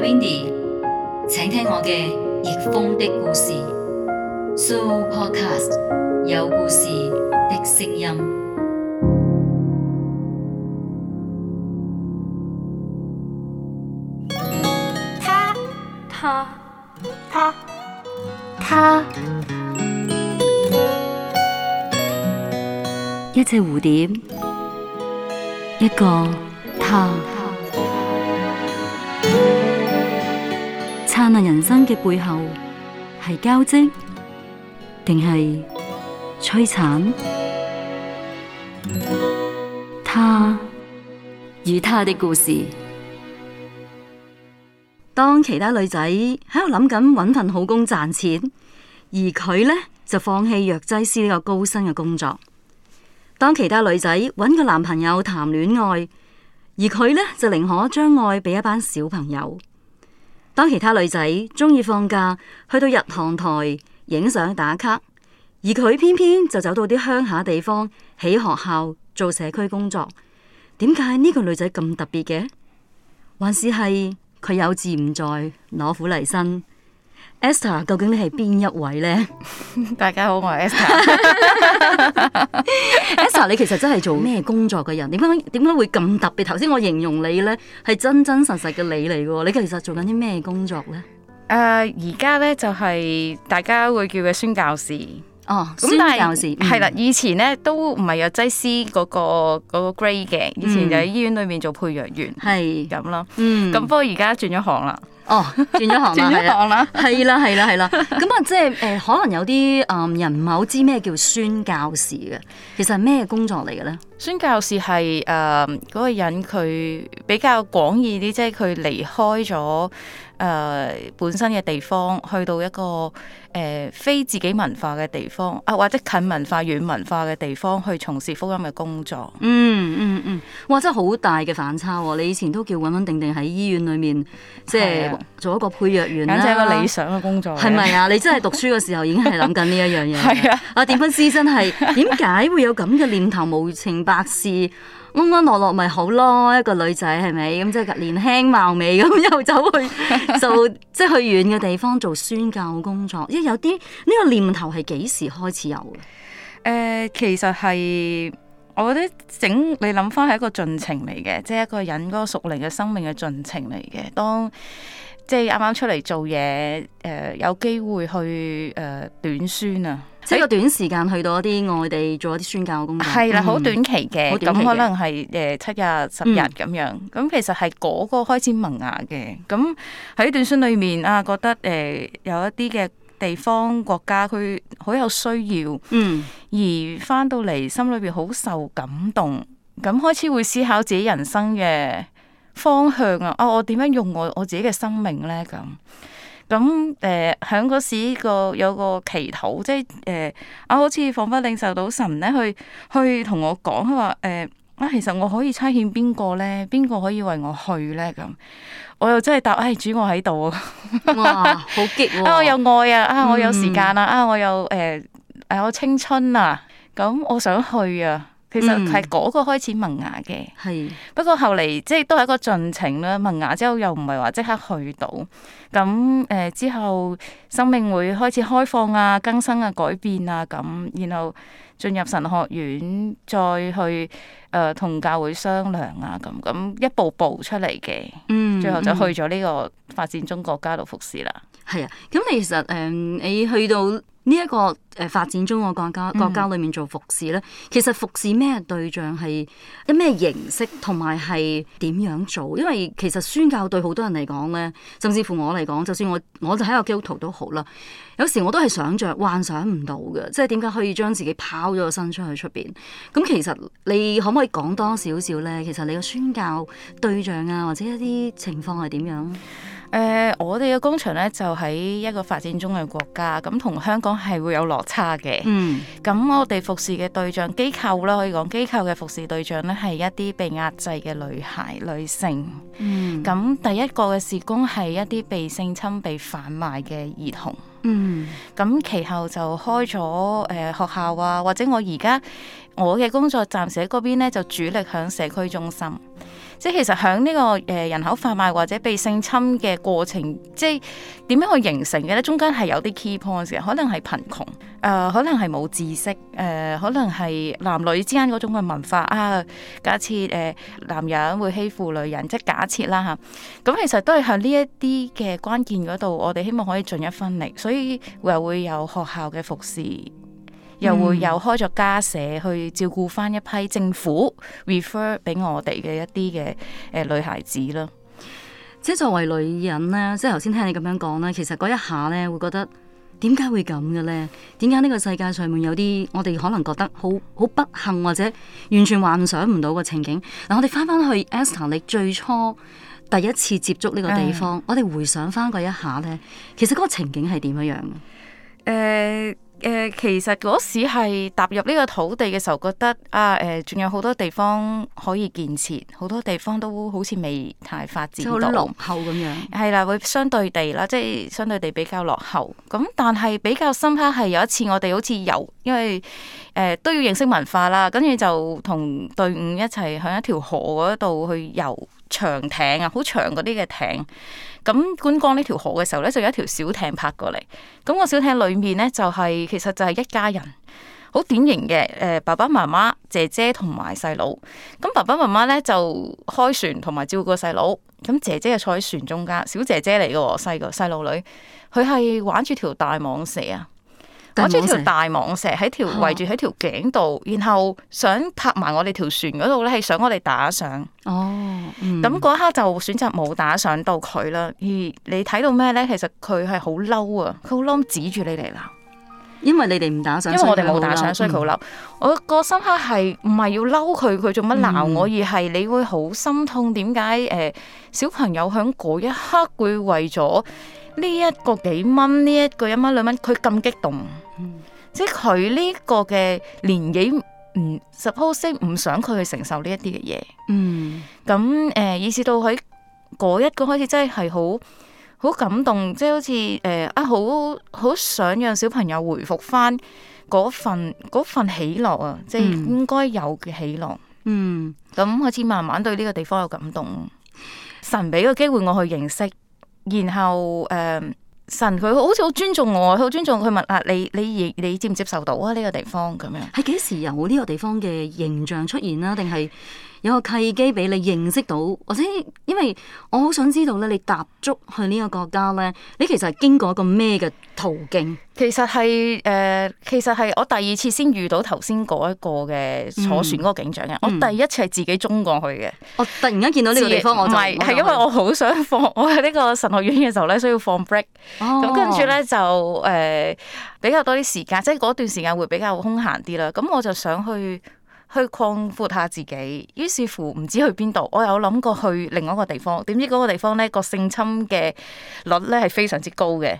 Windy，請聽我嘅逆風的故事。Supercast 有故事的聲音。他他他他，一隻蝴蝶，一個他。燦爛人生嘅背後係交織，定係摧殘？他與他的故事。當其他女仔喺度諗緊揾份好工賺錢，而佢呢就放棄藥劑師呢個高薪嘅工作；當其他女仔揾個男朋友談戀愛，而佢呢就寧可將愛俾一班小朋友。當其他女仔鍾意放假去到日航台影相打卡，而佢偏偏就走到啲鄉下地方起學校做社區工作，點解呢個女仔咁特別嘅？還是係佢有志唔在，攞苦嚟身？Esther，究竟你係邊一位咧？大家好，我係 Esther。 Esther，你其實真係做咩工作嘅人？點解點解會咁特別？頭先我形容你咧，係真真實實嘅你嚟嘅。你其實做緊啲咩工作咧？誒、呃，而家咧就係、是、大家會叫嘅宣教士。哦，咁但係係啦，嗯、以前咧都唔係藥劑師嗰個嗰、嗰個 grade 嘅，以前就喺醫院裏面做配藥員係咁咯。嗯，咁嘛、嗯、不過而家轉咗行啦。哦，轉咗行啦， 轉咗行啦 啦。係啦，係啦，係啦。咁啊， 即係誒、呃，可能有啲誒、呃、人唔係好知咩叫宣教士嘅，其實係咩工作嚟嘅咧？宣教士係誒嗰個人，佢、呃呃呃呃、比、比較廣義啲，即係佢離開咗。誒、呃、本身嘅地方，去到一個誒、呃、非自己文化嘅地方啊，或者近文化遠文化嘅地方去從事福音嘅工作。嗯嗯嗯，哇，真係好大嘅反差喎、哦！你以前都叫穩穩定定喺醫院裏面，即係、啊、做一個配藥員啦、啊，一個理想嘅工作、啊。係咪啊？你真係讀書嘅時候已經係諗緊呢一樣嘢。係啊，阿、 啊啊、點分絲真係點解會有咁嘅念頭？無情白事。安安樂樂咪好咯，一個女仔係咪？咁即係年輕貌美咁，又走去做， 即係去遠嘅地方做宣教工作。一有啲呢、呢個念頭係幾時開始有嘅？誒、呃，其實係我覺得整你諗翻係一個進程嚟嘅，即係一個人嗰個屬靈嘅生命嘅進程嚟嘅。當即係啱啱出嚟做嘢，誒、呃，有機會去誒短、呃、宣啊。即係個短時間去到一啲外地做一啲宣教工作，係啦，好短期嘅。咁、嗯、可能係誒七日十日咁樣。咁、嗯、其實係嗰個開始萌芽嘅。咁喺短宣裏面啊，覺得誒有一啲嘅地方國家佢好有需要。嗯。而翻到嚟心裏邊好受感動，咁開始會思考自己人生嘅方向啊！啊，我點樣用我我自己嘅生命咧？咁。咁誒，喺嗰、呃、時個有個祈禱，即係誒啊，好似彷彿領受到神咧，去去同我講佢話誒啊，其實我可以差遣邊個咧，邊個可以為我去咧咁，我又真係答唉、哎，主我喺度啊，哇、好激、哦、啊，我有愛啊，啊我有時間啊，嗯、啊我有誒誒、啊、我青春啊，咁我想去啊！其實係嗰個開始萌芽嘅，係是不過後嚟即係都係一個進程啦。萌芽之後又唔係話即刻去到，咁誒、呃、之後生命會開始開放啊、更新啊、改變啊咁，然後進入神學院再去誒同、呃、教會商量啊咁，咁一步步出嚟嘅，嗯嗯、最後就去咗呢個發展中國家度服侍啦。係啊，咁其實誒、嗯、你去到。呢一、這個誒、呃、發展中嘅國家，國家裏面做服侍咧，嗯、其實服侍咩對象係一咩形式，同埋係點樣做？因為其實宣教對好多人嚟講咧，甚至乎我嚟講，就算我我就喺個基督徒都好啦，有時我都係想像幻想唔到嘅，即係點解可以將自己拋咗個身出去出邊？咁其實你可唔可以講多少少咧？其實你個宣教對象啊，或者一啲情況係點樣？誒、呃，我哋嘅工場咧就喺一個發展中嘅國家，咁同香港係會有落差嘅。嗯，咁我哋服侍嘅對象機構啦，可以講機構嘅服侍對象咧係一啲被壓制嘅女孩女性。嗯，咁第一個嘅事工係一啲被性侵、被販賣嘅兒童。嗯，咁其後就開咗誒、呃、學校啊，或者我而家我嘅工作暫時喺嗰邊咧，就主力響社區中心。即係其實喺呢個誒人口販賣或者被性侵嘅過程，即係點樣去形成嘅咧？中間係有啲 key points 嘅，可能係貧窮，誒、呃，可能係冇知識，誒、呃，可能係男女之間嗰種嘅文化啊。假設誒、呃、男人會欺負女人，即係假設啦嚇。咁、啊、其實都係喺呢一啲嘅關鍵嗰度，我哋希望可以盡一分力，所以又會有學校嘅服侍。又會又開咗家舍去照顧翻一批政府 refer 俾我哋嘅一啲嘅誒女孩子啦。即係作為女人咧，即係頭先聽你咁樣講呢，其實嗰一下呢會覺得點解會咁嘅呢？點解呢個世界上面有啲我哋可能覺得好好不幸或者完全幻想唔到嘅情景？嗱，我哋翻翻去 Esther 你最初第一次接觸呢個地方，嗯、我哋回想翻嗰一下呢，其實嗰個情景係點樣樣嘅？呃誒，其實嗰時係踏入呢個土地嘅時候，覺得啊，誒，仲有好多地方可以建設，好多地方都好似未太發展到，好落後咁樣。係啦，會相對地啦，即係相對地比較落後。咁但係比較深刻係有一次我哋好似遊，因為誒、呃、都要認識文化啦，跟住就同隊伍一齊向一條河嗰度去遊。長艇啊，好長嗰啲嘅艇，咁觀光呢條河嘅時候咧，就有一條小艇泊過嚟。咁、那個小艇裏面咧就係、是、其實就係一家人，好典型嘅誒，爸爸媽媽、姐姐同埋細佬。咁爸爸媽媽咧就開船同埋照顧細佬。咁姐姐就坐喺船中間，小姐姐嚟嘅，細個細路女，佢係玩住條大蟒蛇啊！我將條大蟒蛇喺條圍住喺條頸度，然後想拍埋我哋條船嗰度咧，係想我哋打賞。哦，咁、嗯、嗰一刻就選擇冇打賞到佢啦。而你睇到咩咧？其實佢係好嬲啊！佢好嬲，指住你嚟鬧。因為你哋唔打賞，因為我哋冇打賞，所以佢好嬲。我個深刻係唔係要嬲佢？佢做乜鬧我？而係你會好心痛。點解？誒，小朋友喺嗰一刻會為咗？.呢一個幾蚊，呢、這、一個一蚊兩蚊，佢咁激動，嗯、即係佢呢個嘅年紀唔 suppose 唔想佢去承受呢一啲嘅嘢。嗯，咁誒，意、呃、思到喺嗰一個開始真係係好好感動，即係好似誒，好、呃、好想讓小朋友回復翻嗰份份，份喜樂啊，即係應該有嘅喜樂。嗯，咁好似慢慢對呢個地方有感動，神俾個機會我去認識。然後誒、呃，神佢好似好尊重我，佢好尊重佢問啊，你你你，你接唔接受到啊？呢、這個地方咁樣，係幾時有呢個地方嘅形象出現啦？定係有個契機俾你認識到？或者因為我好想知道咧，你踏足去呢個國家咧，你其實係經過一個咩嘅？途徑其實係誒、呃，其實係我第二次先遇到頭先嗰一個嘅坐船嗰個警長嘅。嗯、我第一次係自己中過去嘅。我突然間見到呢個地方，自我唔係係因為我好想放。我喺呢個神學院嘅時候咧，需要放 break，哦。咁跟住咧就誒、呃、比較多啲時間，即係嗰段時間會比較空閒啲啦。咁我就想去去擴闊下自己。於是乎，唔知去邊度，我有諗過去另外一個地方。點知嗰個地方咧個性侵嘅率咧係非常之高嘅。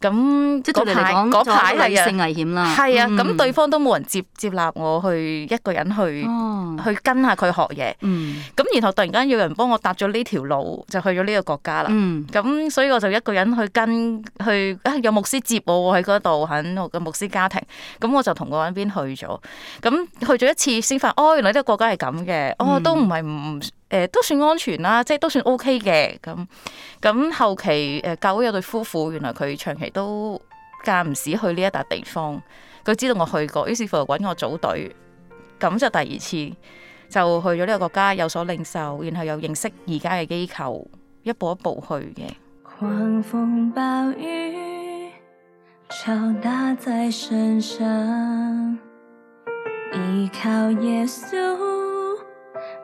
咁即係嗰排嗰排係啊，性危險啦，係啊，咁對方都冇人接接納我去一個人去、嗯、去跟下佢學嘢，咁、嗯、然後突然間有人幫我搭咗呢條路，就去咗呢個國家啦，咁、嗯、所以我就一個人去跟去、啊，有牧師接我喺嗰度喺我嘅牧師家庭，咁我就同佢搵邊去咗，咁去咗一次先發現，哦原來呢個國家係咁嘅，哦都唔係唔。誒、呃、都算安全啦，即係都算 OK 嘅咁。咁後期誒教會有對夫婦，原來佢長期都間唔時去呢一笪地方，佢知道我去過，於是乎就揾我組隊，咁就第二次就去咗呢個國家有所領受，然後又認識而家嘅機構，一步一步去嘅。狂風暴雨，敲打在身上，依靠耶穌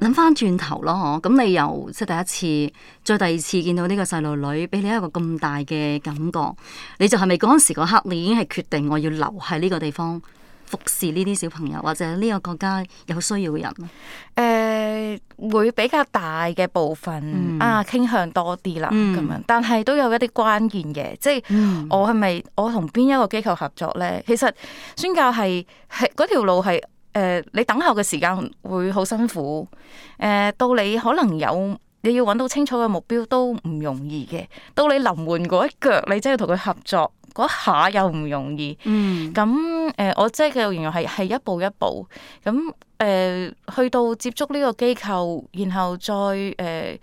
諗翻轉頭咯，嗬！咁你由即係第一次，再第二次見到呢個細路女，俾你一個咁大嘅感覺，你就係咪嗰陣時嗰刻你已經係決定我要留喺呢個地方服侍呢啲小朋友，或者呢個國家有需要嘅人？誒、呃，會比較大嘅部分、嗯、啊，傾向多啲啦，咁、嗯、樣。但係都有一啲關鍵嘅，嗯、即係我係咪我同邊一個機構合作咧？其實宣教係係嗰條路係。誒、呃，你等候嘅時間會好辛苦，誒、呃，到你可能有你要揾到清楚嘅目標都唔容易嘅，到你臨門嗰一腳，你真係要同佢合作嗰下又唔容易。嗯，咁誒、呃，我即係嘅形容係係一步一步，咁誒、呃、去到接觸呢個機構，然後再誒、呃、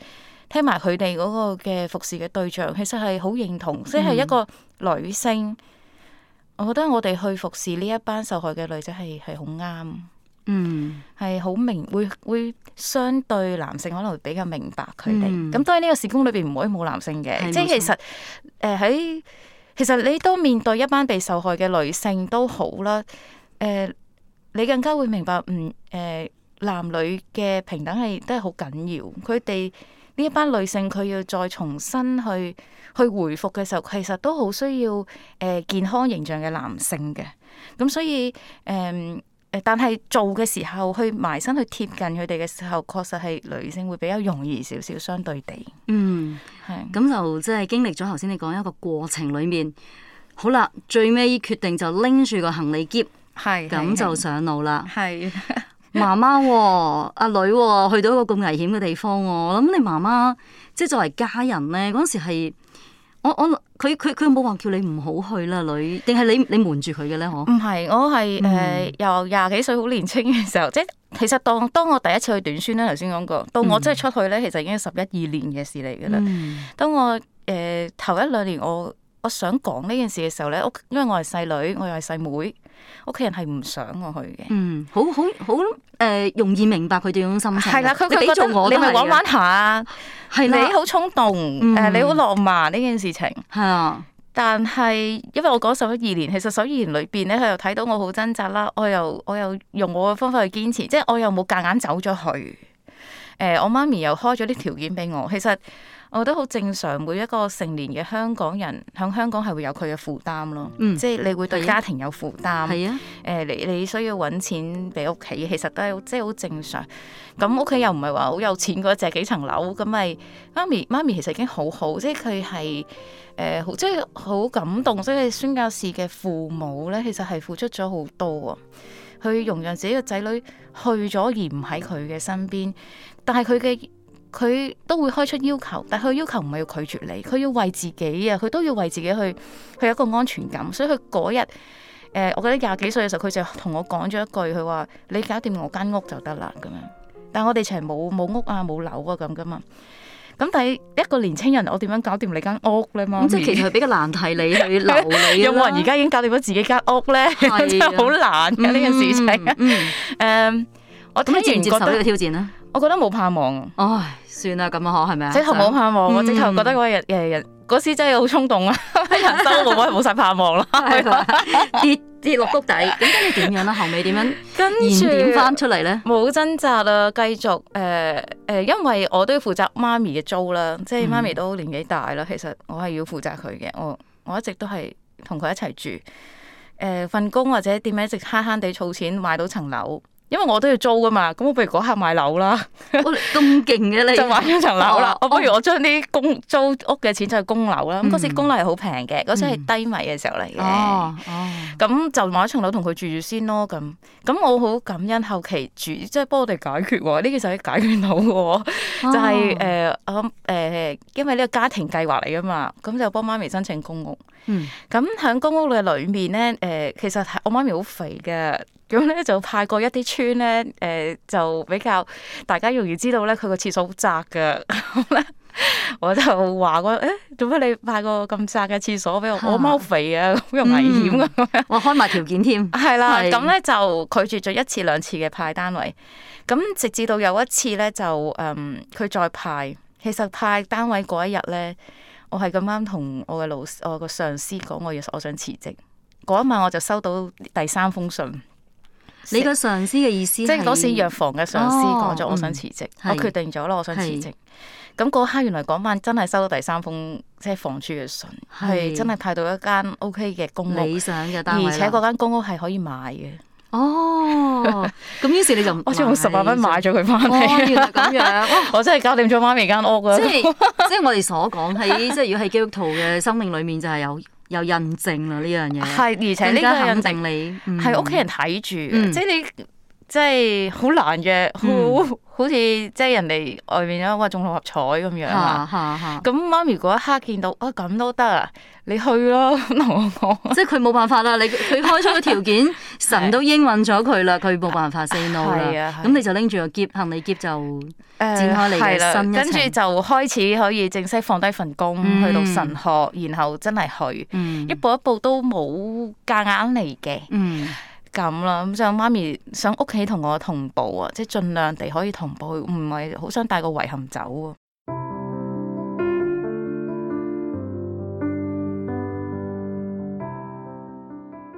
聽埋佢哋嗰個嘅服侍嘅對象，其實係好認同，即、就、係、是、一個女性。嗯我覺得我哋去服侍呢一班受害嘅女仔係係好啱，嗯，係好明會會相對男性可能會比較明白佢哋。咁當然呢個事工裏邊唔可以冇男性嘅，的即係其實誒喺錯、呃、其實你都面對一班被受害嘅女性都好啦，誒、呃、你更加會明白，嗯、呃、誒男女嘅平等係都係好緊要，佢哋。呢一班女性佢要再重新去去回復嘅時候，其實都好需要誒、呃、健康形象嘅男性嘅。咁所以誒誒、呃，但係做嘅時候去埋身去貼近佢哋嘅時候，確實係女性會比較容易少少，相對地。嗯，係是。咁、嗯、就即係經歷咗頭先你講一個過程裏面，好啦，最尾決定就拎住個行李篋，係咁是就上路啦。係。媽媽喎，阿女喎，去到一個咁危險嘅地方，我諗你媽媽即係作為家人咧，嗰陣時係我我佢佢佢冇話叫你唔好去啦，女定係你你瞞住佢嘅咧？嗬？唔係，我係誒、嗯呃、由廿幾歲好年青嘅時候，即係其實當我當我第一次去短宣咧，頭先講過，到我真係出去咧，嗯、其實已經係十一二年嘅事嚟嘅啦。嗯、當我誒、呃、頭一兩年，我我想講呢件事嘅時候咧，屋因為我係細女，我又係細妹，妹。屋企人係唔想我去嘅，嗯，好好好，誒、呃，容易明白佢哋嗰種心情。係啦，佢佢覺得我你咪玩玩下，係的你好衝動，誒、嗯、你好浪漫呢件事情。係啊的，但係因為我講十一二年，其實十一二年裏邊咧，佢又睇到我好掙扎啦，我又我又用我嘅方法去堅持，即係我又冇夾硬走咗去。誒、呃，我媽咪又開咗啲條件俾我，其實。我覺得好正常，每一個成年嘅香港人喺香港係會有佢嘅負擔咯，嗯、即係你會對家庭有負擔。係啊，誒、呃，你你需要揾錢俾屋企，其實都係即係好正常。咁屋企又唔係話好有錢嗰一隻幾層樓，咁咪媽咪媽咪其實已經好好，即係佢係誒，即係好感動，所以孫教士嘅父母咧，其實係付出咗好多啊，去容讓自己嘅仔女去咗而唔喺佢嘅身邊，但係佢嘅。佢都會開出要求，但佢要求唔係要拒絕你，佢要為自己啊，佢都要為自己去，佢有一個安全感。所以佢嗰日，誒、呃，我覺得廿幾歲嘅時候，佢就同我講咗一句，佢話：你搞掂我間屋就得啦咁樣。但係我哋成日冇冇屋啊，冇樓啊咁噶嘛。咁但係一個年青人，我點樣搞掂你間屋咧嘛？即係其實比較難題，你去留你 有冇人而家已經搞掂咗自己間屋咧？係啊 的，好 難嘅呢件事情。嗯，嗯 um, 我點解唔接受呢個挑戰咧？我覺得冇盼望，唉，算啦，咁樣嗬，係咪啊？直頭冇盼望，嗯、我直頭覺得嗰日誒人嗰時真係好衝動啊！人生冇冇冇晒盼望咯，係跌跌落谷底，咁跟住點樣啦？後尾點樣跟着？跟住點翻出嚟咧？冇掙扎啦、啊，繼續誒誒、呃呃，因為我都要負責媽咪嘅租啦，即係媽咪都年紀大啦，其實我係要負責佢嘅，我我一直都係同佢一齊住，誒、呃、份、呃、工或者點樣，一直慳慳地儲錢買到層樓。因為我都要租噶嘛，咁我不如嗰刻買樓啦。咁勁嘅你、啊，你 就買咗層樓啦。哦哦、我不如我將啲供租屋嘅錢就去供樓啦。咁嗰、嗯、時供樓係好平嘅，嗰時係低迷嘅時候嚟嘅、嗯。哦，咁、哦、就買一層樓同佢住住先咯。咁，咁我好感恩後期住，即係幫我哋解決喎。呢件事可以解決到喎，哦、就係、是、誒，我、呃、誒、呃呃，因為呢個家庭計劃嚟噶嘛，咁就幫媽咪申請公屋。嗯，咁喺、嗯、公屋嘅裏面咧、誒、呃，其實我媽咪好肥嘅。咁咧就派過一啲村咧，誒、呃，就比較大家容易知道咧。佢個廁所好窄嘅，咁咧我就話個誒，做、欸，乜你派個咁窄嘅廁所俾我？啊、我貓肥啊，好有危險嘅。我、嗯、 開埋條件添係 啦，咁咧是就拒絕咗一次兩次嘅派單位。咁直至到有一次咧，就、嗯、誒，佢再派。其實派單位嗰一日咧，我係咁啱同我嘅老我個上司講，我我我想辭職。嗰一晚我就收到第三封信。你個上司嘅意思，即係嗰時藥房嘅上司講咗，我想辭職，我決定咗咯，我想辭職。咁嗰刻原來講翻真係收到第三封即係、就是、房署嘅信，係是真係派到一間 O K 嘅公屋，理想嘅單位而且嗰間公屋係可以買嘅。哦，咁於是你就 我仲用十萬蚊買咗佢翻嚟。原來咁樣， 我真係搞掂咗媽咪間屋啦 即。 即係即係我哋所講喺即係如果喺基督徒嘅生命裡面就係有。有印證啦呢樣嘢，係而且呢個印證你係屋企人睇住、嗯，即係你、嗯、即係好難嘅，好好似即係人哋外面哇中六合彩咁樣啊！咁、啊啊、媽咪嗰一刻見到啊，咁都得啊，你去咯， 我我說即係佢冇辦法啦， 你佢開出嘅條件。 神都應允咗佢啦，佢冇的辦法 say no 啦。咁你就拎住個篋行李篋就展開嚟。嘅、呃、跟住就開始可以正式放低份工、嗯、去到神學，然後真係去，嗯、一步一步都冇夾硬嚟嘅。咁啦、嗯，咁所以媽咪想屋企同我同步啊，即係儘量地可以同步，唔係好想帶個遺憾走。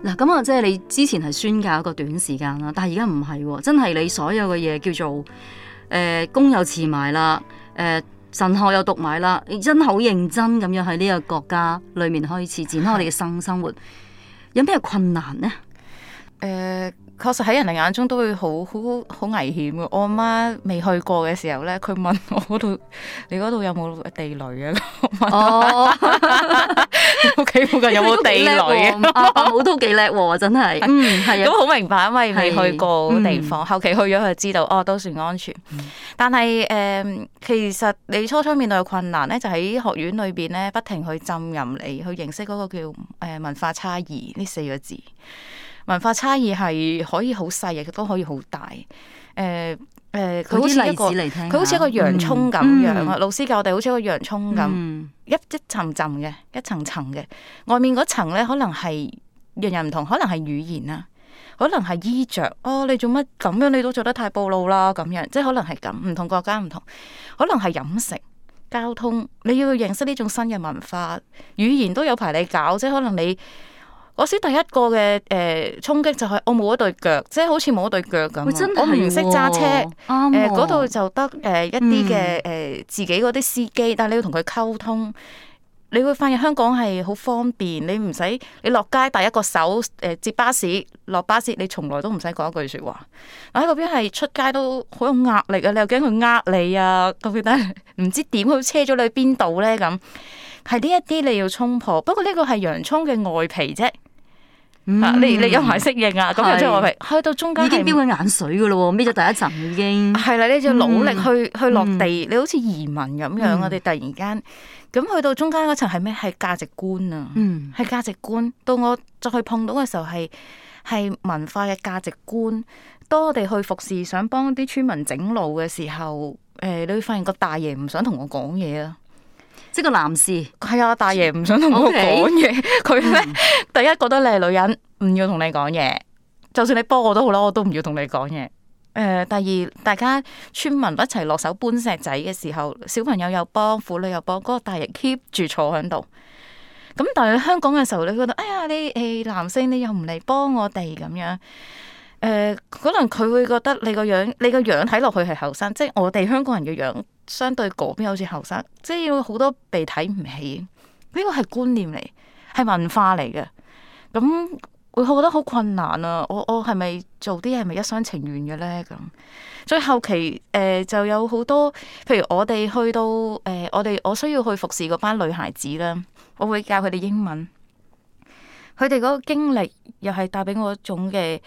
嗱，咁啊，即係你之前係宣教一個短時間啦，但係而家唔係，真係你所有嘅嘢叫做，誒、呃，工又辭埋啦，誒、呃，神學又讀埋啦，你真好認真咁樣喺呢個國家裏面開始展開我哋嘅新生活，是有咩困難呢？誒、呃。確實喺人哋眼中都會好好好危險嘅。我阿媽未去過嘅時候咧，佢問， 問我：度，你嗰度有冇地雷啊？屋企附近有冇地雷 啊？我都幾叻喎，真係。嗯，啊是，都好、嗯、明白，因為未去過地方，是嗯、後期去咗就知道，哦，都算安全。嗯、但係誒、嗯，其實你初初面對嘅困難咧，就喺學院裏邊咧，不停去浸淫你，去認識嗰個叫誒文化差異呢四個字。文化差異係可以好細，亦都可以好大。誒、呃、誒，佢、呃、好似一個佢好似一個洋葱咁樣啊！嗯嗯、老師教我哋好似一個洋葱咁、嗯，一一層層嘅，一層層嘅。外面嗰層咧，可能係人人唔同，可能係語言啊，可能係衣着哦。你做乜咁樣？你都做得太暴露啦！咁樣，即係可能係咁，唔同國家唔同，可能係飲食、交通，你要認識呢種新嘅文化，語言都有排你搞，即係可能你。我先第一個嘅誒、呃、衝擊就係我冇一對腳，即係好似冇一對腳咁。欸真哦、我唔識揸車，嗰度、哦呃、就得誒、呃、一啲嘅誒自己嗰啲司機，但係你要同佢溝通。嗯、你會發現香港係好方便，你唔使你落街第一個手誒、呃、接巴士，落巴士你從來都唔使講一句説話。喺、啊、嗰邊係出街都好有壓力啊！你又驚佢呃你啊，嗰邊得唔知點佢車咗你去邊度咧？咁係呢一啲你要衝破。不過呢個係洋葱嘅外皮啫。嗯，你你有排適應啊，咁就即係我哋去到中間已經飆緊眼水噶啦喎，搣咗第一層、嗯、已經。係啦，你就要努力去去落地，嗯、你好似移民咁樣啊！嗯、我哋突然間咁去到中間嗰層係咩？係價值觀啊，嗯，係價值觀。到我再去碰到嘅時候係係文化嘅價值觀。當我哋去服侍，想幫啲村民整路嘅時候，誒、呃，你會發現個大爺唔想同我講嘢啊。呢個男士係啊，大爺唔想同我講嘢，佢咧第一覺得你係女人，唔要同你講嘢，就算你幫我都好啦，我都唔要同你講嘢。誒、呃，第二大家村民一齊落手搬石仔嘅時候，小朋友又幫，婦女又幫，嗰個大爺 keep 住坐喺度。咁但係香港嘅時候，你覺得哎呀，你誒男性你又唔嚟幫我哋咁樣。誒、呃，可能佢會覺得你個樣，你個樣睇落去係後生，即係我哋香港人嘅樣相對嗰邊好似後生，即係要好多被睇唔起，呢、這個係觀念嚟，係文化嚟嘅。咁我我覺得好困難啊！我我係咪做啲嘢係咪一廂情願嘅咧？咁最後期誒、呃，就有好多，譬如我哋去到誒、呃，我哋我需要去服侍嗰班女孩子啦，我會教佢哋英文，佢哋嗰個經歷又係帶俾我一種嘅。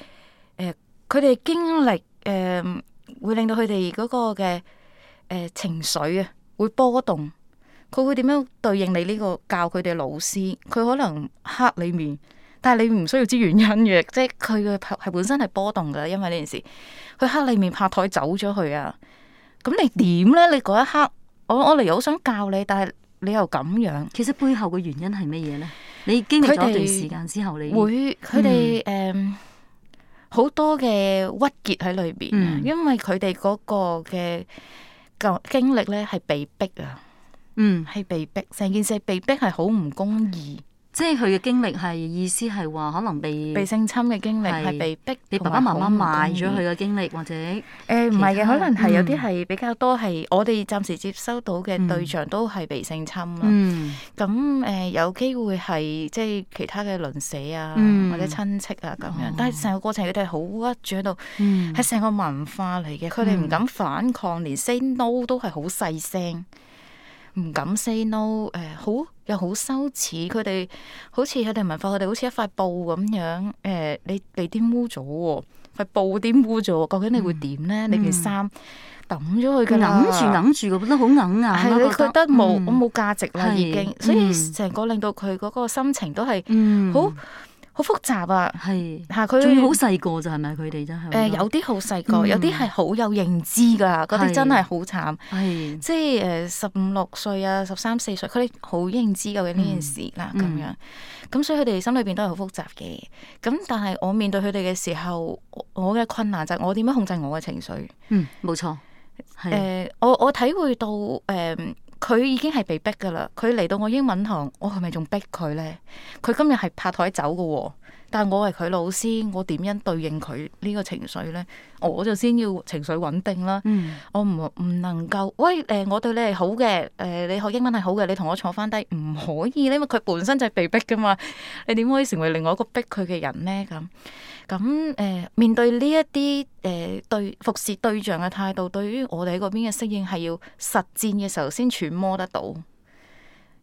誒，佢哋、呃、經歷誒、呃，會令到佢哋嗰個嘅誒、呃、情緒啊，會波動。佢會點樣對應你呢、這個教佢哋老師？佢可能黑裏面，但係你唔需要知原因嘅，即係佢嘅係本身係波動㗎。因為呢件事，佢黑裏面拍台走咗去啊。咁你點咧？你嗰一刻，我我嚟好想教你，但係你又咁樣。其實背後嘅原因係乜嘢咧？你經歷咗一段時間之後，你會佢哋誒。好多嘅鬱結喺裏邊，因為佢哋嗰個嘅個經歷咧，係被逼啊，嗯，係被逼，成件事被逼係好唔公義。即係佢嘅經歷係意思係話可能被被性侵嘅經歷，係被逼你爸爸媽媽賣咗佢嘅經歷，或者誒唔係嘅，可能係有啲係比較多，係我哋暫時接收到嘅對象都係被性侵啦。咁誒、嗯嗯呃、有機會係即係其他嘅鄰舍啊、嗯、或者親戚啊咁樣，但係成個過程佢哋好屈住喺度，係成、嗯、個文化嚟嘅，佢哋唔敢反抗，連 say no 都係好細聲。唔敢 say no，誒、呃、好又好羞恥，佢哋好似佢哋文化，佢哋好似一塊布咁樣，誒、呃、你被玷污咗，塊布玷污咗，究竟你會點咧？你件衫抌咗佢，諗住諗住，覺得好硬啊，係你覺得冇我冇價值啦，已經，嗯、所以成個令到佢嗰個心情都係好。嗯嗯嗯。好複雜啊！係吓佢仲要好細個咋係咪？佢哋真係誒，有啲好細個，有啲係好有認知噶，嗰啲真係好慘。係即係誒，十五六歲啊，十三四歲，佢哋好認知究竟呢件事啦，咁樣。咁所以佢哋心裏邊都係好複雜嘅。咁但係我面對佢哋嘅時候，我嘅困難就係我點樣控制我嘅情緒？嗯，冇錯。誒，我我體會到誒。佢已經係被逼噶啦，佢嚟到我英文堂，我係咪仲逼佢咧？佢今日係拍枱走噶喎，但係我係佢老師，我點樣對應佢呢個情緒咧？我就先要情緒穩定啦。嗯、我唔唔能夠，喂，誒，我對你係好嘅，誒，你學英文係好嘅，你同我坐返低，唔可以，因為佢本身就係被逼噶嘛，你點可以成為另外一個逼佢嘅人咧？咁。咁誒面對呢一啲誒對服侍對象嘅態度，對於我哋喺嗰邊嘅適應係要實戰嘅時候先揣摩得到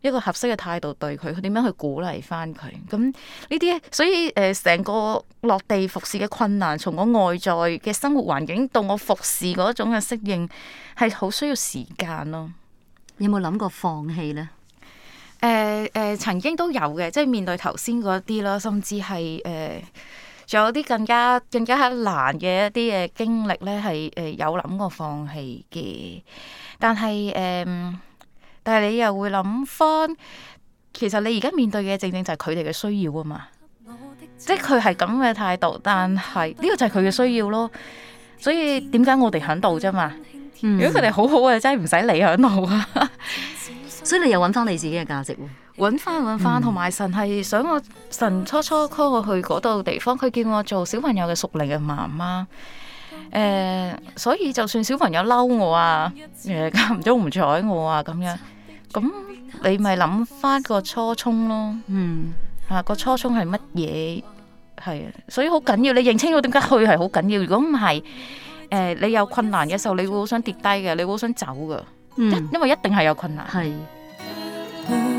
一個合適嘅態度對佢，佢點樣去鼓勵翻佢？咁呢啲所以誒成個落地服侍嘅困難，從我外在嘅生活環境到我服侍嗰種嘅適應，係好需要時間咯。有冇諗過放棄呢？誒誒、呃呃、曾經都有嘅，即係面對頭先嗰啲咯，甚至係誒。呃仲有啲更加更加難嘅一啲嘅經歷咧，係、呃、誒有諗過放棄嘅，但係誒、呃，但係你又會諗翻，其實你而家面對嘅正正就係佢哋嘅需要啊嘛，即係佢係咁嘅態度，但係呢、這個就係佢嘅需要咯，所以點解我哋喺度啫嘛？嗯、如果佢哋好好嘅，真係唔使你喺度啊， 所以你又揾翻你自己嘅價值喎。揾翻揾翻，同埋、嗯、神、係想我，神初初 call 我去嗰度地方，佢叫我做小朋友嘅熟齡嘅媽媽。誒、呃，所以就算小朋友嬲我啊，誒，間唔中唔睬我啊，咁樣，咁你咪諗翻個初衷咯。嗯，吓個、啊、初衷係乜嘢？係啊，所以好緊要，你認清到點解去係好緊要。如果唔係，誒、呃，你有困難嘅時候，你會好想跌低嘅，你會好想走噶、嗯。因為一定係有困難。係。嗯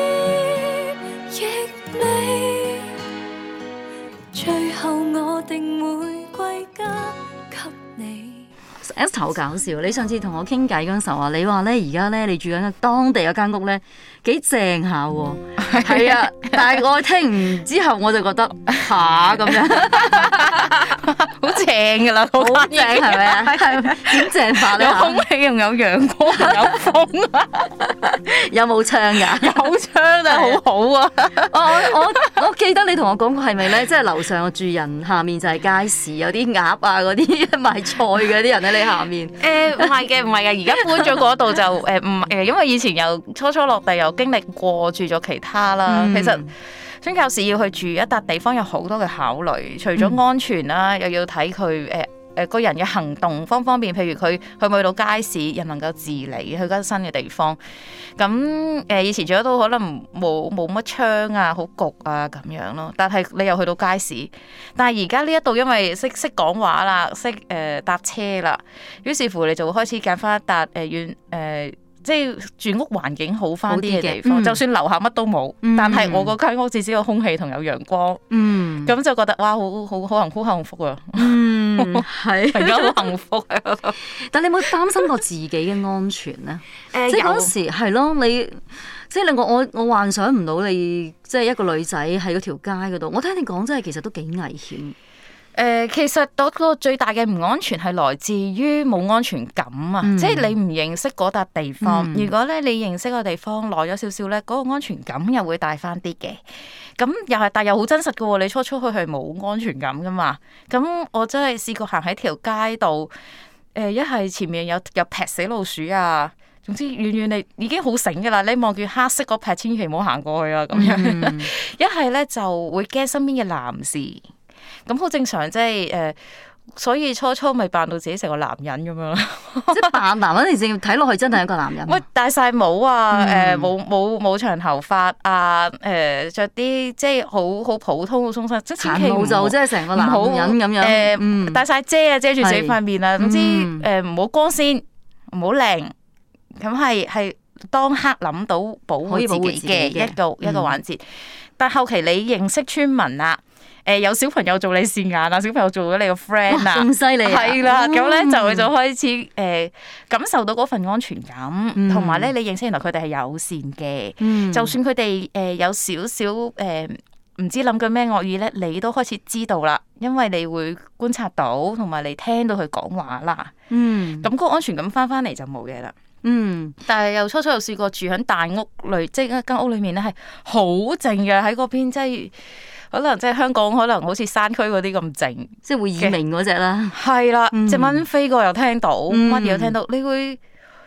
定會歸家給你。一陣好搞笑，你上次同我傾偈嗰陣時候話，你話咧而家咧你住緊當地嗰間屋咧幾正下喎，係啊，但係我聽完之後我就覺得吓咁樣。 好正噶啦，好正係咪 風啊？係咪點正法啊？有空氣，又有陽光，有風，有冇窗噶？有窗真係 好好啊！ 我我我，我記得你同我講過係咪咧？即係樓上有住人，下面就係街市，有啲鴨啊，嗰啲賣菜嘅啲人喺你下面。誒、 呃，唔係嘅，唔係嘅，而家搬咗嗰度就誒唔誒，因為以前又初初落地又經歷過住咗其他啦，嗯、其實。宣教士要去住一笪地方有好多嘅考慮，除咗安全啦、啊，又要睇佢誒誒個人嘅行動方唔方便，譬如佢去唔去到街市，又能夠自理，去緊新嘅地方。咁誒、呃、以前住得度可能冇冇乜窗啊，好焗啊咁樣咯。但係你又去到街市，但係而家呢一度因為識識講話啦，識誒、呃、搭車啦，於是乎你就會開始揀翻一笪誒遠誒。呃呃即係住屋環境好返啲嘅地方，嗯、就算樓下乜都冇，嗯、但係我嗰間屋至少有空氣同有陽光，咁、嗯、就覺得哇，好好好幸好幸福啊！嗯，係而家好幸福啊！ 但你有冇擔心過自己嘅安全咧？即係嗰時係咯，你即係令我我我幻想唔到你即係一個女仔喺嗰條街嗰度，我聽你講真係其實都幾危險。誒，其實我個最大嘅唔安全係來自於冇安全感啊！嗯、即係你唔認識嗰笪地方。嗯、如果咧你認識個地方耐咗少少咧，嗰、嗰個安全感又會大翻啲嘅。咁又係，但又好真實嘅喎。你初初去係冇安全感噶嘛？咁我真係試過行喺條街度，誒一係前面有有劈死老鼠啊！總之遠遠你已經好醒噶啦，你望住黑色嗰劈，千祈唔好行過去啊！咁樣一係咧就會驚身邊嘅男士。咁好正常，即係誒、呃，所以初初咪扮到自己成個男人咁樣咯，即係扮男人，正要睇落去真係一個男人。喂，戴晒帽啊，誒、嗯，冇冇冇長頭髮啊，誒、呃，着啲即係好好普通嘅鬆衫，即係，冇就即係成個男人咁樣。誒、呃，戴晒遮啊，遮住自己塊、嗯嗯、面啊，總、嗯、之，誒，唔、嗯、好、嗯嗯、光鮮，唔好靚，咁係係當刻諗到保護自己嘅一個一個環節。但後期你認識村民啦。誒、呃，有小朋友做你線眼啦，小朋友做咗你個 friend 啊，咁犀利係啦，咁咧、嗯、就就開始誒、呃、感受到嗰份安全感，同埋咧你認識原來佢哋係友善嘅，嗯、就算佢哋誒有少少誒唔知諗緊咩惡意咧，你都開始知道啦，因為你會觀察到，同埋你聽到佢講話啦，嗯，咁個安全感翻翻嚟就冇嘢啦，嗯，但係又初初又試過住喺大屋裏，即、就、係、是、一間屋裏面咧係好靜嘅，喺嗰邊即係。可能即係香港，可能好似山區嗰啲咁靜，即係會耳鳴嗰隻啦。係啦實，隻蚊飛過又聽到，乜嘢又聽到，你會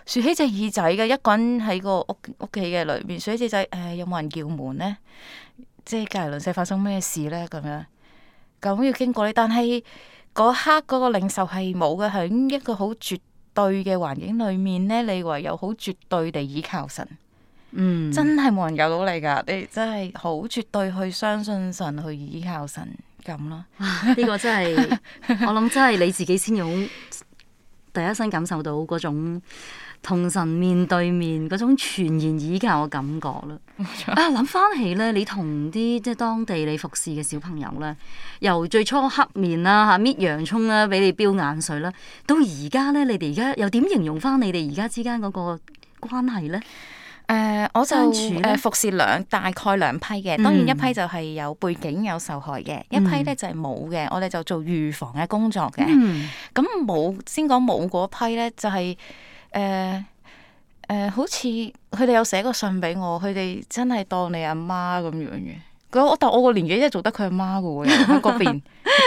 豎起隻耳仔嘅。一個人喺個屋屋企嘅裏面，豎起隻耳仔誒有冇人叫門咧？即係隔離鄰舍發生咩事咧？咁樣咁要經過你，但係嗰刻嗰個領受係冇嘅，喺一個好絕對嘅環境裏面咧，你唯有好絕對地倚靠神。嗯，真係冇人救到你噶你真係好絕對去相信神，去依靠神咁啦。呢 、啊，呢個真係，我諗真係你自己先有第一身感受到嗰種同神面對面嗰種全然依靠嘅感覺啦。 啊，諗翻起咧，你同啲即係當地你服侍嘅小朋友咧，由最初黑面啦、啊、吓搣洋蔥啦、啊，俾你飆眼水啦、啊，到而家咧，你哋而家又點形容翻你哋而家之間嗰個關係咧？誒，uh, 我就誒 So ,、uh, 服侍兩大概兩批嘅，嗯、當然一批就係有背景有受害嘅，嗯、一批咧就係冇嘅。我哋就做預防嘅工作嘅。咁冇、嗯、先講冇嗰批咧、就係，就係誒誒，好似佢哋有寫個信俾我，佢哋真係當你阿媽咁樣嘅。我但我個年紀真係做得佢阿媽噶喎，喺嗰邊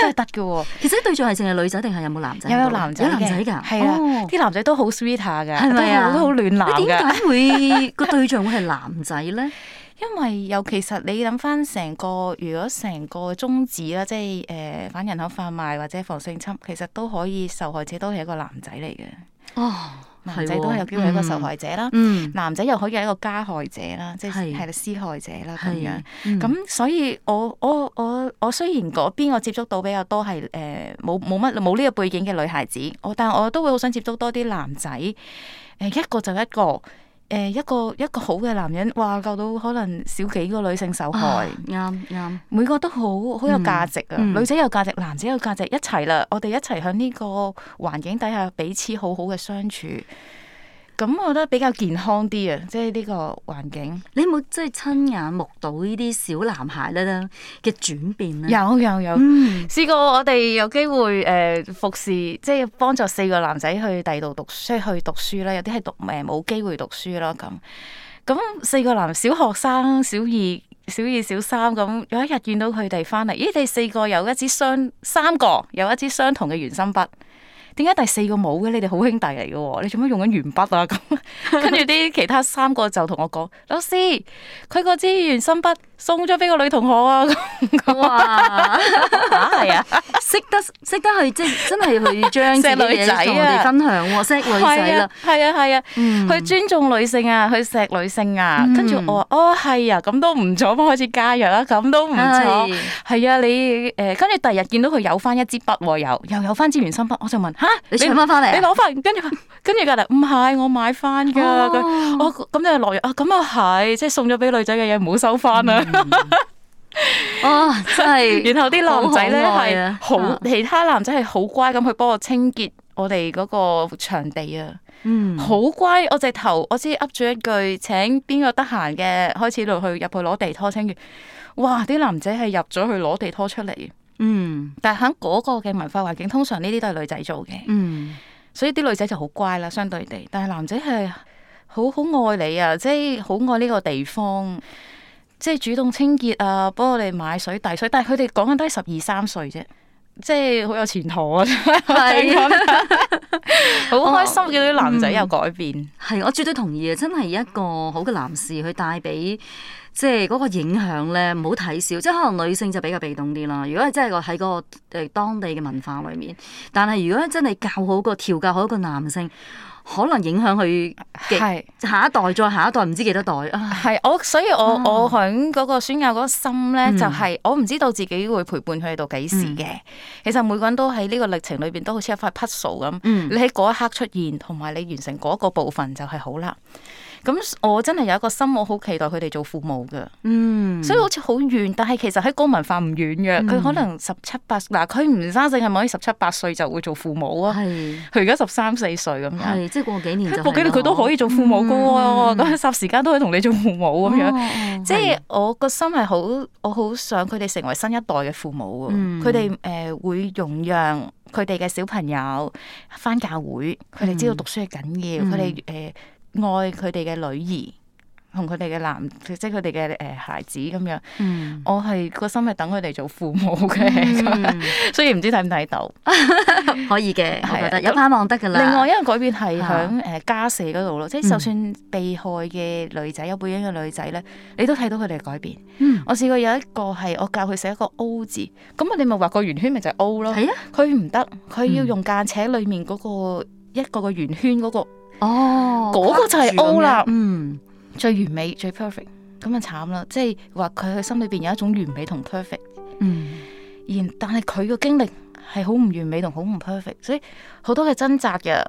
真係得噶喎。 其實對象係淨係女仔定係有冇男仔？有，有男仔，有有男仔噶，係啊。啲、哦、男仔都好 sweet 下噶，係咪啊，都好都好暖男噶。你點解會個對象會係男仔咧？因為又其實你諗翻成個，如果成個宗旨啦，即係誒、呃、反人口販賣或者防性侵、侵，其實都可以受害者都係一個男仔嚟嘅。哦。男仔都係有機會有一個受害者啦，嗯嗯、男仔又可以係一個加害者啦，是即係係啦施害者啦咁是樣。咁、嗯、所以我，我我我我雖然嗰邊我接觸到比較多係誒冇冇乜冇呢個背景嘅女孩子，但我但係我都會好想接觸多啲男仔，誒一個就一個。誒，一個一個好嘅男人，哇，救到可能少幾個女性受害。啱啱，啊，yeah, yeah. 每個都好好有價值啊！嗯，女仔有價值，男仔有價值，一齊啦！我哋一齊響呢個環境底下彼此好好嘅相處。咁我覺得比較健康啲啊，即係呢個環境。你有冇即係親眼目睹呢啲小男孩咧嘅轉變咧？有有有，嗯、試過我哋有機會誒、呃、服侍，即、就、係、是、幫助四個男仔去第二度讀，即係去讀書啦。有啲係讀誒冇機會讀書啦。咁咁四個男小學生，小二、小二、小三，咁有一日見到佢哋翻嚟，咦？你四個有一支相三個有一支相同嘅原心筆。點解第四個冇嘅？你哋好兄弟嚟嘅喎，你做咩用緊鉛筆啊？咁跟住啲其他三個就同我講，老師佢個支鉛芯筆。送咗俾個女同學啊！哇，係啊，識得識得去即真係去將自己嘅嘢同人哋分享喎，識女仔啊，係啊係啊，去尊重女性啊，去錫女性啊，跟住我話哦係啊，咁都唔錯，開始加入啊，咁都唔錯，係啊，你誒，跟住第日見到佢有翻一支筆喎，又又有翻支原生筆，我就問吓，你搶翻翻嚟，你攞翻，跟住跟住佢話唔係，我買翻噶，哦，咁就落藥啊，咁又係，即送咗俾女仔嘅嘢唔好收翻啊！ 哦，真係。 然後啲男仔咧係好，很哦、其他男仔係好乖咁去幫我清潔我哋嗰個場地啊。嗯，好乖。我直頭，我先噏住一句，請邊個得閒嘅開始落去入去攞地拖清潔。哇！啲男仔係入咗去攞地拖出嚟。嗯，但係喺嗰個嘅文化環境，通常呢啲都係女仔做嘅。嗯，所以啲女仔就好乖啦，相對地，但係男仔係好好愛你啊，即係好愛呢個地方。即係主動清潔啊，幫我哋買水遞水，但係佢哋講緊都係十二三歲啫，即係好有前途啊！好開心見到啲我男仔有改變，係、嗯、我絕對同意啊！真係一個好嘅男士去帶俾，即係嗰個影響咧，唔好睇小。即係可能女性就比較被動啲啦。如果係真係個喺個誒當地嘅文化裏面，但係如果真係教好個調教好一個男性。可能影響佢嘅下一代，是再下一代，唔知幾多代啊！係我，所以我、啊、我喺嗰個宣教嗰心咧，就係、是、我唔知道自己會陪伴佢喺度幾時嘅。嗯、其實每個人都喺呢個歷程裏邊，都好似一塊 puzzle 咁。嗯、你喺嗰一刻出現，同埋你完成嗰個部分就，就係好啦。咁我真係有一個心，我好期待佢哋做父母噶，所以好似好遠，但係其實喺高文化唔遠嘅。佢可能十七八，嗱佢唔生性係咪？十七八歲就會做父母啊？係佢而家十三四歲咁樣，即係過幾年，過幾年佢都可以做父母噶喎。咁霎時間都可以同你做父母咁樣，即係我個心係好，我好想佢哋成為新一代嘅父母。佢哋誒會容讓佢哋嘅小朋友翻教會，佢哋知道讀書係緊要，佢哋誒。愛佢哋嘅女兒同佢哋嘅男，即係佢哋嘅誒孩子咁樣。嗯、我係個心係等佢哋做父母嘅，嗯、 所以唔知睇唔睇到。 可以嘅，係有盼望得噶啦。另外一個改變係響誒家舍嗰度咯，嗯、即係就算被害嘅女仔，有背影嘅女仔咧，你都睇到佢哋改變。嗯、我試過有一個係我教佢寫一個 O 字，咁我你咪畫個圓圈咪就係 O 咯。係啊，佢唔得，佢要用間尺裏面嗰個一個圓個圓圈嗰、那個。哦，嗰、oh, 個就係 O 啦，嗯，最完美最 perfect，咁啊慘啦，即係話佢喺心裏邊有一種完美同 perfect，嗯，然、嗯、但係佢個經歷係好唔完美同好唔 perfect，所以好多嘅掙扎嘅，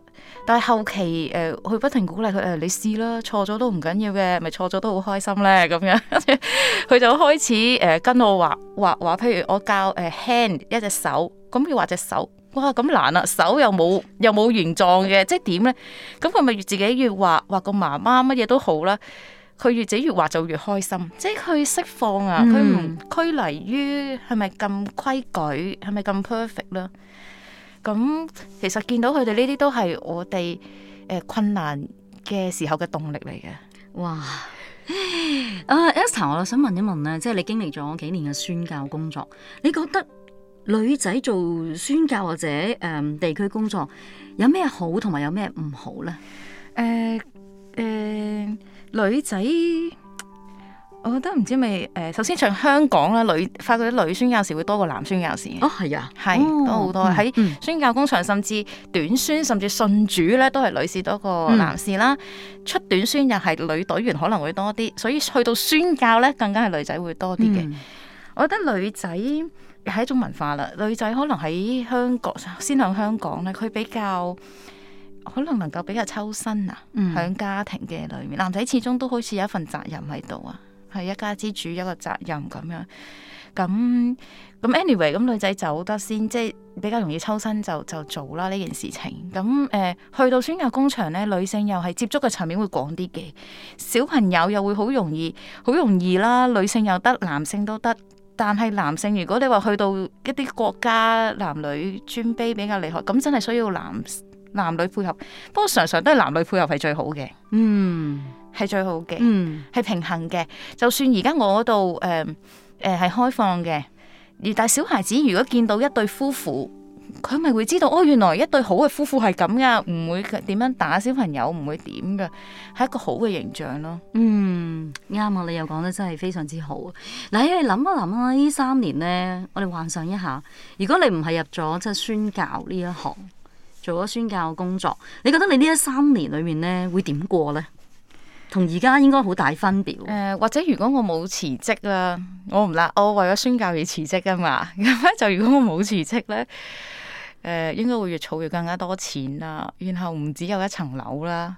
但係後期誒，佢、呃、不停鼓勵佢誒，你試啦，錯咗都唔緊要嘅，咪錯咗都好開心咧，咁樣，跟住佢 就開始誒、呃、跟我畫畫畫，譬如我教誒、呃、hand 一隻手，咁要畫隻手。哇，咁難啊，手又冇又冇原狀嘅，即係點咧？咁佢咪越自己越畫畫個媽媽乜嘢都好啦，佢越自己越畫就越開心，即係佢釋放啊，佢唔、嗯、拘泥於係咪咁規矩，係咪咁 perfect 啦？咁、嗯嗯、其實見到佢哋呢啲都係我哋誒困難嘅時候嘅動力嚟嘅。哇，啊、uh, e 我想問一問咧，即係你經歷咗我幾年嘅宣教工作，你覺得？女仔做宣教或者誒、呃、地區工作有咩好同埋有咩唔好咧？誒誒、呃呃，女仔，我覺得唔知咪誒、呃。首先，從香港啦，女發覺啲女宣教士會多過男宣教士哦，係啊，係是、哦、多好多喺宣教工場，甚至短宣甚至信主咧都係女士多過男士啦。嗯、出短宣又係女隊員可能會多啲，所以去到宣教咧，更加係女仔會多啲嘅、嗯。我覺得女仔。係一種文化啦，女仔可能喺香港，先喺香港咧，佢比較可能能夠比較抽身啊，喺、嗯、家庭嘅裏面，男仔始終都好似有一份責任喺度啊，係一家之主一個責任咁樣。咁咁 anyway，咁女仔走得先，即係比較容易抽身就就做啦，呢件事情。咁誒、呃，去到宣教工場咧，女性又係接觸嘅層面會廣啲嘅，小朋友又會好容易，好容易啦。女性又得，男性都得。但係男性，如果你話去到一啲國家，男女尊卑比較厲害，咁真係需要男男女配合。不過常常都係男女配合係最好嘅，嗯，係最好嘅，嗯，係平衡嘅。就算而家我嗰度誒誒係開放嘅，而但係小孩子如果見到一對夫婦。佢咪會知道哦？原來一對好嘅夫婦係咁噶唔會點樣打小朋友，唔會點噶，係一個好嘅形象咯。嗯，啱啊！你又講得真係非常之好。嗱，你諗一諗啊，呢三年咧，我哋幻想一下，如果你唔係入咗即係宣教呢一行，做咗宣教工作，你覺得你呢一三年裏面咧會點過咧？同而家應該好大分別。誒、呃，或者如果我冇辭職啊，我唔啦，我為咗宣教而辭職噶嘛。咁咧就如果我冇辭職咧。誒、呃，應該會越儲越更加多錢啦、啊。然後唔止有一層樓啦，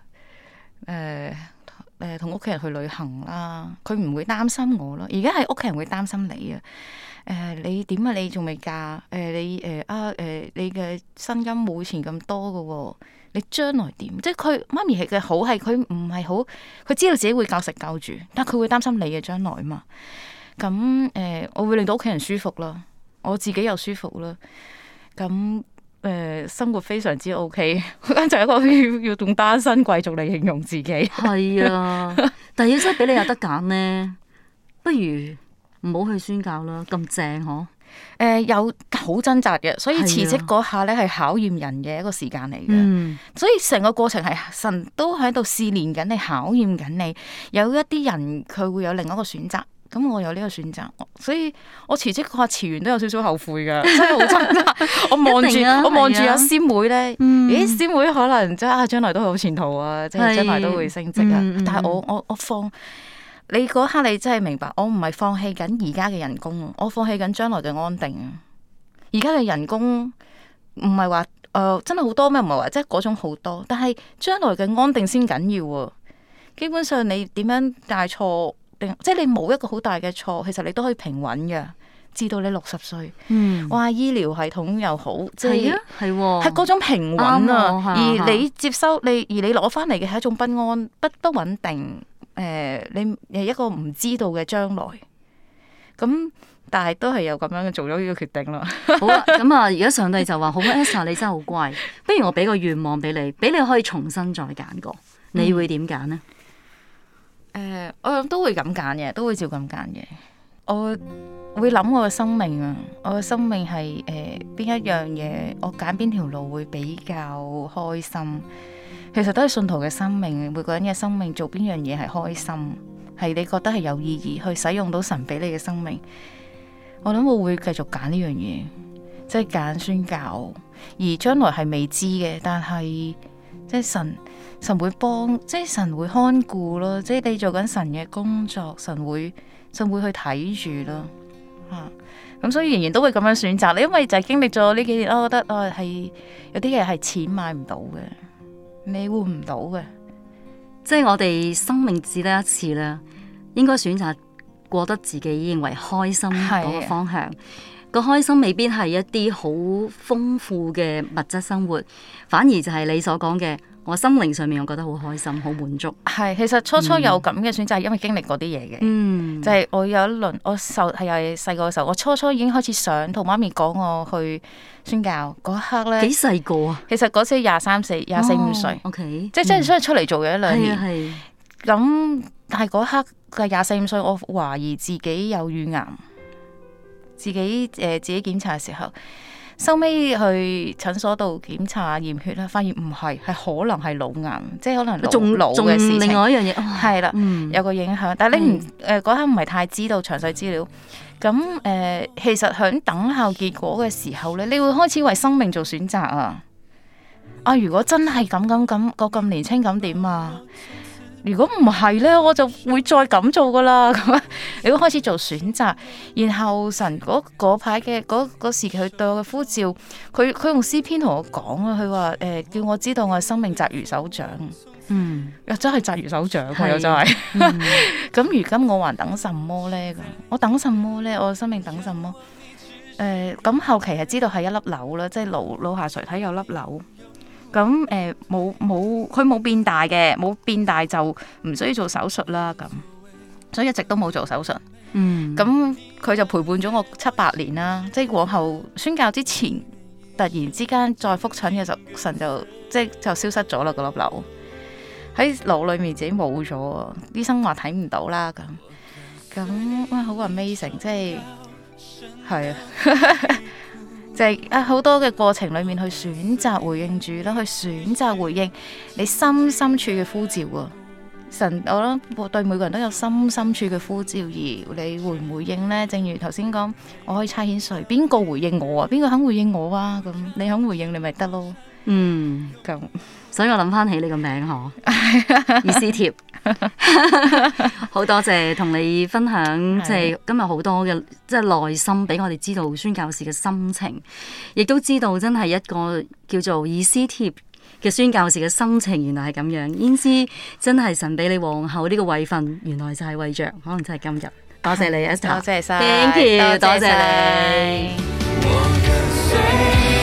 誒、呃、誒，同屋企人去旅行啦。佢唔會擔心我咯。而家係屋企人會擔心你啊。誒、呃，你點啊？你仲未嫁？誒、呃，你誒啊誒，你嘅身家冇以前咁多噶、啊。你將來點？即係佢媽咪係嘅好係，佢唔係好，佢知道自己會夠食夠住，但佢會擔心你嘅將來嘛。咁誒、呃，我會令到屋企人舒服啦，我自己又舒服啦。咁誒、呃、生活非常之 O、OK, K， 就係一個要要用單身貴族嚟形容自己。係啊， 但係要真係俾你有得揀咧，不如唔好去宣教啦，咁正呵？誒、呃、有好掙扎嘅，所以辭職嗰下咧係考驗人嘅一個時間嚟嘅。啊嗯、所以成個過程係神都喺度試煉緊你、考驗緊你。有一啲人佢會有另一個選擇。咁我有呢個選擇，所以我辭職嗰下辭完都有少少後悔嘅，真係好掙扎，我望住著、啊、我望住阿師妹咧，嗯、咦，師妹可能即係啊，將來都好前途啊，即係將來都會升職啊。嗯、但係我我我放你嗰刻，你，刻你真係明白，我唔係放棄緊而家嘅人工，我放棄緊將來嘅安定。啊。而家嘅人工唔係話誒真係好多咩？唔係話即係嗰種好多，但係將來嘅安定先緊要啊。基本上你點樣大錯？即係你冇一個好大嘅錯，其實你都可以平穩嘅，至到你六十歲。嗯、哇，醫療系統又好，即啊，係係嗰種平穩啊。而你接收你，啊、而你攞翻嚟嘅係一種不安、不不穩定。誒、呃，你誒一個唔知道嘅將來。咁，但係都係有咁樣嘅做咗呢個決定啦。好啊，咁啊，而家上帝就話：，好，Elsa，你真係好乖，不如我俾個願望俾你，俾你可以重新再揀過，你會點揀呢？嗯誒，uh, 我諗都會咁揀嘅，都會照咁揀嘅。我會諗我嘅生命啊，我嘅生命係誒邊一樣嘢，我揀邊條路會比較開心。其實都係信徒嘅生命，每個人嘅生命做邊樣嘢係開心，係你覺得係有意義去使用到神俾你嘅生命。我諗我會繼續揀呢樣嘢，即係揀宣教。而將來係未知嘅，但係。即係神神會幫，即係神會看顧咯，即係你做緊神嘅工作，神會神會去睇住咯，吓、啊、咁所以仍然都會咁樣選擇。因為就係經歷咗呢幾年，我覺得啊係有啲嘢係錢買唔到嘅，你換唔到嘅。即係我哋生命只得一次啦，應該選擇過得自己認為開心嗰個方向。個開心未必係一啲好豐富嘅物質生活，反而就係你所講嘅，我心靈上面我覺得好開心，好滿足。係，其實初初有咁嘅選擇係、嗯、因為經歷過啲嘢嘅，嗯、就係我有一輪我受係係細個嘅時候，我初初已經開始想同媽咪講我去宣教嗰一刻咧。幾細個啊？其實嗰時廿三四、廿四五歲，OK，即係即係所以出嚟做嘢一兩年。咁、啊嗯、但係嗰刻佢係廿四五歲，我懷疑自己有乳癌。自己誒、呃、自己檢查嘅時候，收尾去診所度檢查驗血啦，發現唔係，係可能係腦癌，即係可能仲老仲情另外一樣嘢係啦，有個影響。但你唔誒、呃、嗰刻唔係太知道詳細資料咁，誒、嗯嗯呃，其實響等候結果嘅時候咧，你會開始為生命做選擇啊！啊，如果真係咁咁咁個咁年輕咁點啊？如果唔係咧，我就會再咁做噶啦。咁啊，你開始做選擇，然後神嗰排嘅嗰嗰時佢對我嘅呼召，佢佢用詩篇同我講啊，佢話誒叫我知道我嘅生命窄如手掌，嗯，嗯，真係窄如手掌又真係，咁如今我還等什麼咧？咁我等什麼咧？我生命等什麼？誒、欸，咁後期係知道係一粒瘤啦，即、就、係、是、腦腦下垂體有粒瘤。咁誒冇冇佢冇變大嘅，冇變大就唔需要做手術啦。咁所以一直都冇做手術。嗯，咁佢就陪伴咗我七八年啦。即係往後宣教之前，突然之間再覆診嘅時候，神就即係就，就消失咗啦。個粒瘤喺腦裡面自己冇咗。醫生話睇唔到啦。咁咁哇好 Amazing，即係係啊。 就係啊，好多嘅過程裏面去選擇回應主，咯，去選擇回應你心深，深處嘅呼召啊！神，我諗對每個人都有心深，深處嘅呼召，而你回唔回應呢，正如頭先講，我可以差遣誰邊個回應我啊，邊個肯回應我啊？咁你肯回應你咪得咯。嗯，咁。 所以我諗翻起你個名嗬，以 斯帖，好 多謝同你分享，即係今日好多嘅，即係內心俾我哋知道宣教士嘅心情，亦都知道真係一個叫做以斯帖嘅宣教士嘅心情，原來係咁樣。胭脂真係神俾你皇后呢個位份，原來就係為着，可能就係今日。多謝你，Esther，多謝晒，多謝你。